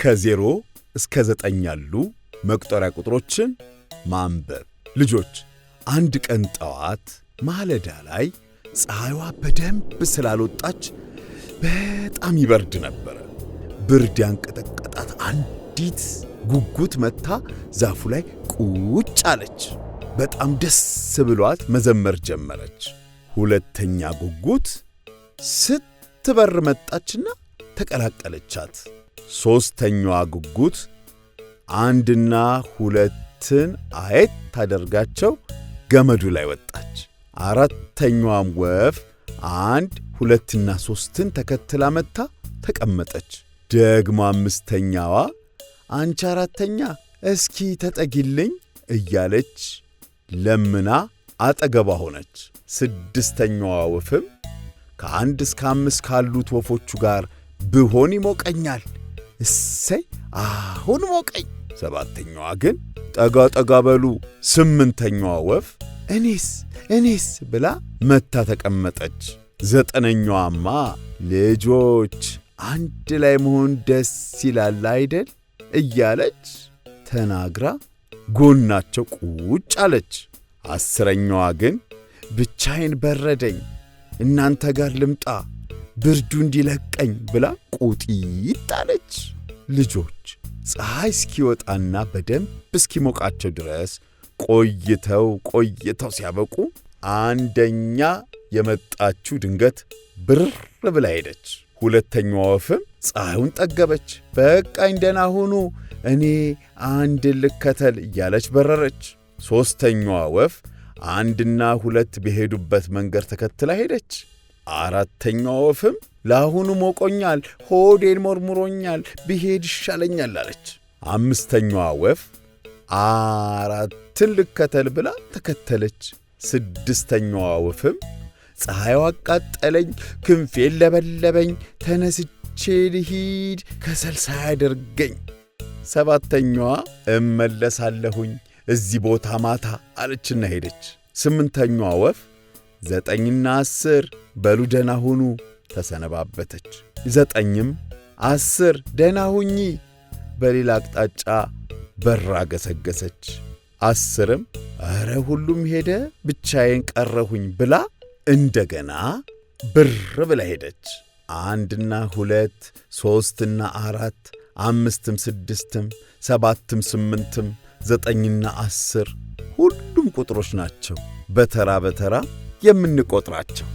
ከዜሮ እስከ ዘጠኝ ያሉ መቁጠሪያ ቁጥሮችን ማንበብ። ልጆች አንድ ቀን ጠዋት ማለዳ ላይ ፀሐይዋ በደንብ ስላልወጣች በጣም ይበርድ ነበረ። ብርድ ያንቀጠቀጣት አንዲት ጉጉት መታ ዛፉ ላይ ቁጭ አለች። በጣም ደስ ብሏት መዘመር ጀመረች። ሁለተኛ ጉጉት ስትበር መጣችና ተቀላቀለቻት። ሦስተኛዋ ጉጉት አንድና ሁለትን አየት ታደርጋቸው ገመዱ ላይ ወጣች። አራተኛዋም ወፍ አንድ ሁለትና ሦስትን ተከትላ መታ ተቀመጠች። ደግሞ አምስተኛዋ አንቺ አራተኛ እስኪ ተጠጊልኝ እያለች ለምና አጠገቧ ሆነች። ስድስተኛዋ ወፍም ከአንድ እስከ አምስት ካሉት ወፎቹ ጋር ብሆን ይሞቀኛል እሰይ አሁን ሞቀኝ። ሰባተኛዋ ግን ጠጋ ጠጋ በሉ። ስምንተኛዋ ወፍ እኔስ እኔስ ብላ መታ ተቀመጠች። ዘጠነኛዋማ ልጆች አንድ ላይ መሆን ደስ ይላል አይደል እያለች ተናግራ ጎናቸው ቁጭ አለች። አስረኛዋ ግን ብቻዬን በረደኝ፣ እናንተ ጋር ልምጣ ብርዱ እንዲለቀኝ ብላ ቁጢጥ አለች። ልጆች ፀሐይ እስኪወጣና በደንብ እስኪሞቃቸው ድረስ ቆይተው ቆይተው ሲያበቁ አንደኛ የመጣችው ድንገት ብር ብላ ሄደች። ሁለተኛዋ ወፍም ፀሐዩን ጠገበች። በቃኝ ደህና ሁኑ እኔ አንድ ልከተል እያለች በረረች። ሦስተኛዋ ወፍ አንድና ሁለት በሄዱበት መንገድ ተከትላ ሄደች። አራተኛዋ ወፍም ለአሁኑ ሞቆኛል፣ ሆዴን ሞርሙሮኛል፣ ብሄድ ይሻለኛል አለች። አምስተኛዋ ወፍ አራትን ልከተል ብላ ተከተለች። ስድስተኛዋ ወፍም ፀሐዩ አቃጠለኝ፣ ክንፌን ለበለበኝ፣ ተነስቼ ልሂድ፣ ከሰልሳ ሳያደርገኝ። ሰባተኛዋ እመለሳለሁኝ እዚህ ቦታ ማታ አለችና ሄደች። ስምንተኛዋ ወፍ ዘጠኝና አስር በሉ ሁኑ ተሰነባበተች። ዘጠኝም አስር ደህና ሁኚ በሌላ አቅጣጫ በራ ገሰገሰች። አስርም እረ ሁሉም ሄደ ብቻዬን ቀረሁኝ ብላ እንደገና ብር ብላ ሄደች። አንድና ሁለት ሦስትና አራት አምስትም ስድስትም ሰባትም ስምንትም ዘጠኝና አስር ሁሉም ቁጥሮች ናቸው። በተራ በተራ የምንቆጥራቸው